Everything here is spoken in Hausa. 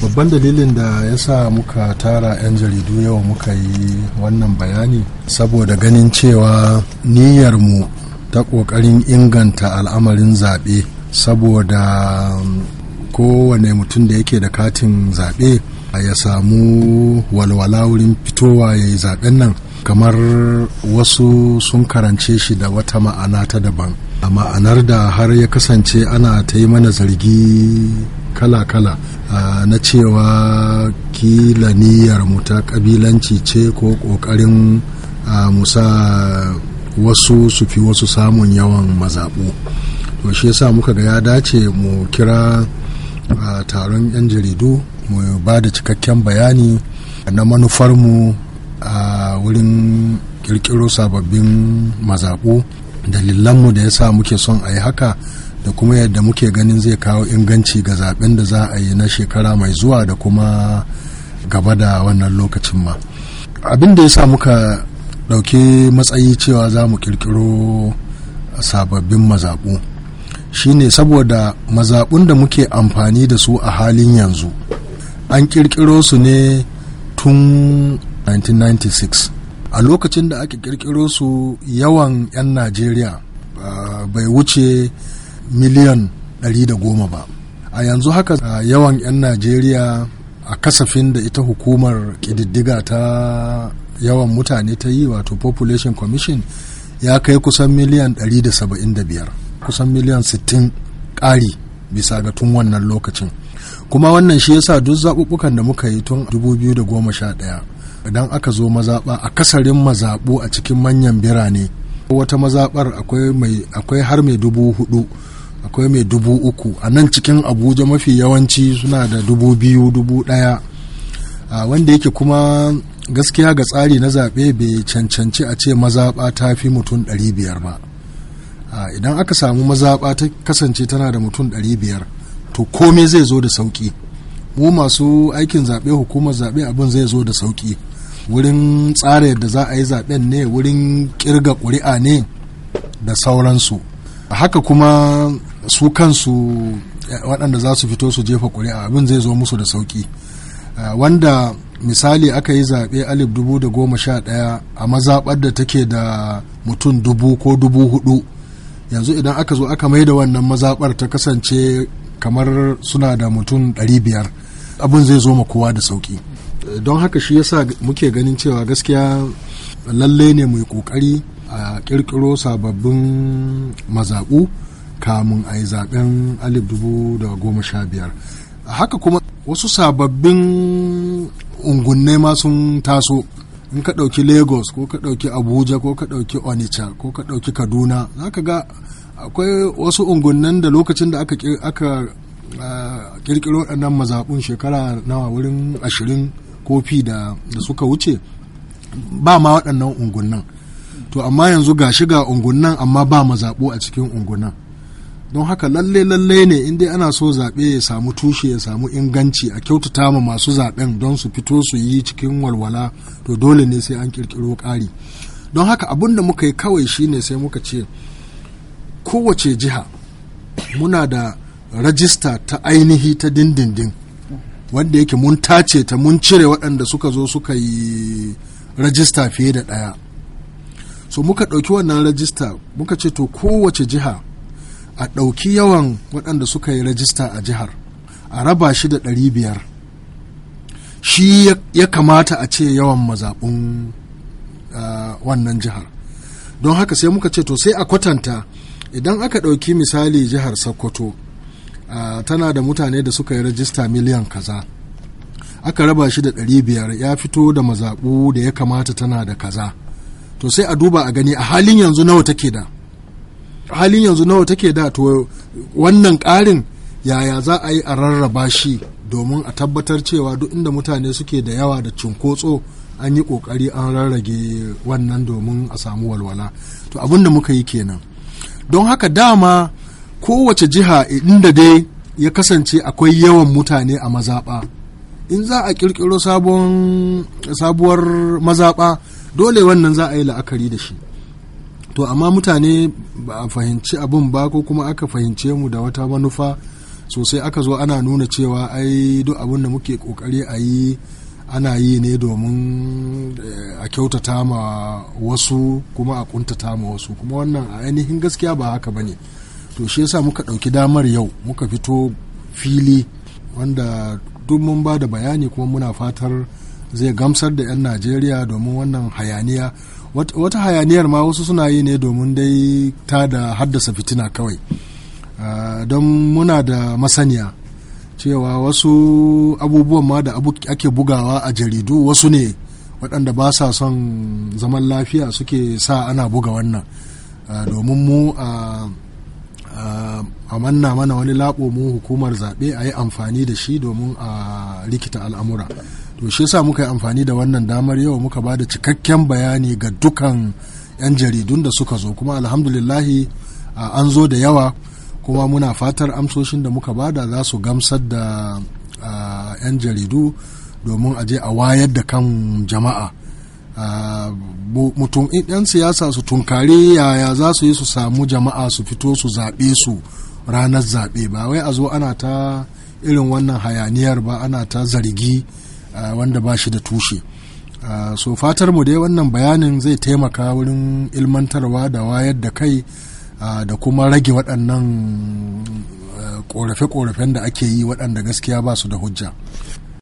babban dalilin da ya sa muka tara 'yan jaridu yau muka yi wannan bayani saboda ganin cewa niyyarmu ta ƙoƙarin inganta al'amarin zaɓe saboda um, kowane mutum da yake da katin zaɓe ya samu walwala wurin fitowa ya yi zaɓen nan kamar wasu sun karance shi da wata ma'ana ta daban a ma'anar da har ya kasance ana ta yi mana zargi kala-kala na cewa kila niyyar mu ta kabilanci ce ko kokarin musa wasu su fi wasu samun yawan mazaɓu to shi yasa muka ga ya dace mu kira taron 'yan jaridu mu ba da cikakken bayani na manufarmu a wurin kirkiro sababbin mazaɓu dalilanmu da ya sa muke son a yi haka da kuma yadda muke ganin zai kawo inganci ga zaben da za a yi na shekara mai zuwa da kuma gaba da wannan lokacin ma abin da ya sa muka ɗauki matsayi cewa za mu kirkiro sababbin mazaɓu shine saboda mazaɓun da muke amfani da su a halin yanzu an kirkiro su ne tun 1996 a lokacin da ake kirkiro su yawan 'yan najeriya ah, bai wuce miliyan 110 ba a yanzu haka yawan 'yan najeriya a kasafin da ita hukumar kididdiga ta yawan mutane ta yi wato population commission ya kai kusan miliyan 175 kusan miliyan 60 ƙari bisa ga tun wannan lokacin kuma wannan shi yasa duk zaɓuɓɓukan da muka yi tun 2011 idan aka zo mazaɓa a kasarin mazaɓu a cikin manyan birane wata mazaɓar akwai har mai dubu hudu akwai mai dubu uku a nan cikin abuja mafi yawanci suna da dubu biyu dubu ɗaya wanda yake kuma gaskiya ga tsari na zaɓe bai cancanci a ce mazaɓa ta fi mutum ɗari biyar ba idan aka samu mazaɓa ta kasance tana da mutum ɗari biyar to komai zai zo da sauƙi mu masu aikin zaɓe hukumar zaɓe abin zai zo da sauƙi wurin tsara yadda za a yi zaɓen ne wurin ƙirga ƙuri'a ne da sauransu haka kuma su kansu eh, waɗanda za su fito su jefa ƙuri'a abin zai zo musu da sauƙi eh, wanda misali aka yi zaɓe alif dubu da goma sha ɗaya a mazaɓar da take da mutum dubu ko dubu hudu yanzu idan aka zo aka maida wannan mazaɓar ta kasance kamar suna da mutum ɗari biyar abin zai zo ma kowa da sauƙi eh, don haka shi yasa muke ganin cewa gaskiya lallai ne mu ƙoƙari a ƙirƙiro sababbin mazaɓu kamun a yi zaben 2015 haka kuma wasu sababbin ungunne ma sun taso in ka ɗauki lagos ko ka ɗauki abuja ko ka ɗauki onitsha ko ka ɗauki kaduna za ka ga akwai wasu ungunnan da lokacin da aka kirkiro waɗannan mazaɓun shekara nawa wurin ashirin kofi da suka wuce ba ma waɗannan ungunnan to amma yanzu ga shiga ungunnan amma ba mazaɓu a cikin ungunnan don haka lalle lalle ne in dai ana so zaɓe ya samu tushe ya samu inganci a kyautata ma masu zaɓen don su fito su yi cikin walwala to dole ne sai an ƙirƙiro ƙari don haka abin da muka yi kawai shine sai muka ce kowace jiha muna da rajista ta ainihi ta dindindin wanda yake mun tace ta mun cire waɗanda suka zo suka yi rajista fiye da ɗaya so muka ɗauki wannan rajista muka ce to kowace jiha a ɗauki yawan waɗanda suka yi rajista a jihar a raba shi da ɗari biyar shi ya kamata a ce yawan mazaɓun wannan jihar don haka sai muka ce to sai a kwatanta idan aka ɗauki misali jihar sokoto tana da mutane da suka yi rajista miliyan kaza aka raba shi da ɗari biyar ya fito da mazaɓu da ya kamata tana da kaza to sai a duba a gani a halin yanzu nawa take da halin yanzu nawa take da to wannan ƙarin yaya za a yi a rarraba shi domin a tabbatar cewa duk inda mutane suke da yawa da cunkotso an yi ƙoƙari an rarrage wannan domin a samu walwala to abin da muka yi kenan don haka dama kowace jiha inda dai ya kasance akwai yawan mutane a mazaɓa in za a ƙirƙiro sabuwar mazaɓa dole wannan za a yi la'akari da shi to amma mutane ba a fahimci abin ba ko kuma aka fahimce mu da wata manufa sosai aka zo ana nuna cewa ai duk abin da muke kokari a yi ana yi ne domin eh, a kyautata ma wasu kuma a kuntata ma wasu kuma wannan a ainihin gaskiya ba haka bane to shi yasa muka ɗauki damar yau muka fito fili wanda duk mun ba da bayani kuma muna fatar zai gamsar da 'yan najeriya domin wannan hayaniya wata hayaniyar ma wasu suna yi ne domin dai ta da haddasa fitina kawai ah, don muna da masaniya cewa wasu abubuwan ma da ake bugawa a jaridu wasu ne waɗanda ba sa son zaman lafiya suke sa ana buga wannan ah, domin mu ah, a manna mana wani labo mu hukumar zaɓe a yi amfani da shi domin a rikita al'amura to shi sa muka yi amfani da wannan damar yau muka ba da cikakken bayani ga dukan 'yan jaridun da suka zo kuma alhamdulillahi an zo da yawa kuma muna fatar amsoshin da muka bada za su gamsar da 'yan jaridu domin a je a wayar da kan jama'a mutum 'yan siyasa su tunkare yaya za su yi su samu jama'a su fito su zaɓe su ranar zaɓe ba wai a zo ana ta irin wannan hayaniyar ba ana ta zargi. Eh, wanda ba shi da tushe eh, so fatar mu dai wannan bayanin zai taimaka wurin ilmantarwa da wayar da kai eh, da kuma rage waɗannan ƙorafe korafen da ake yi waɗanda gaskiya ba su da hujja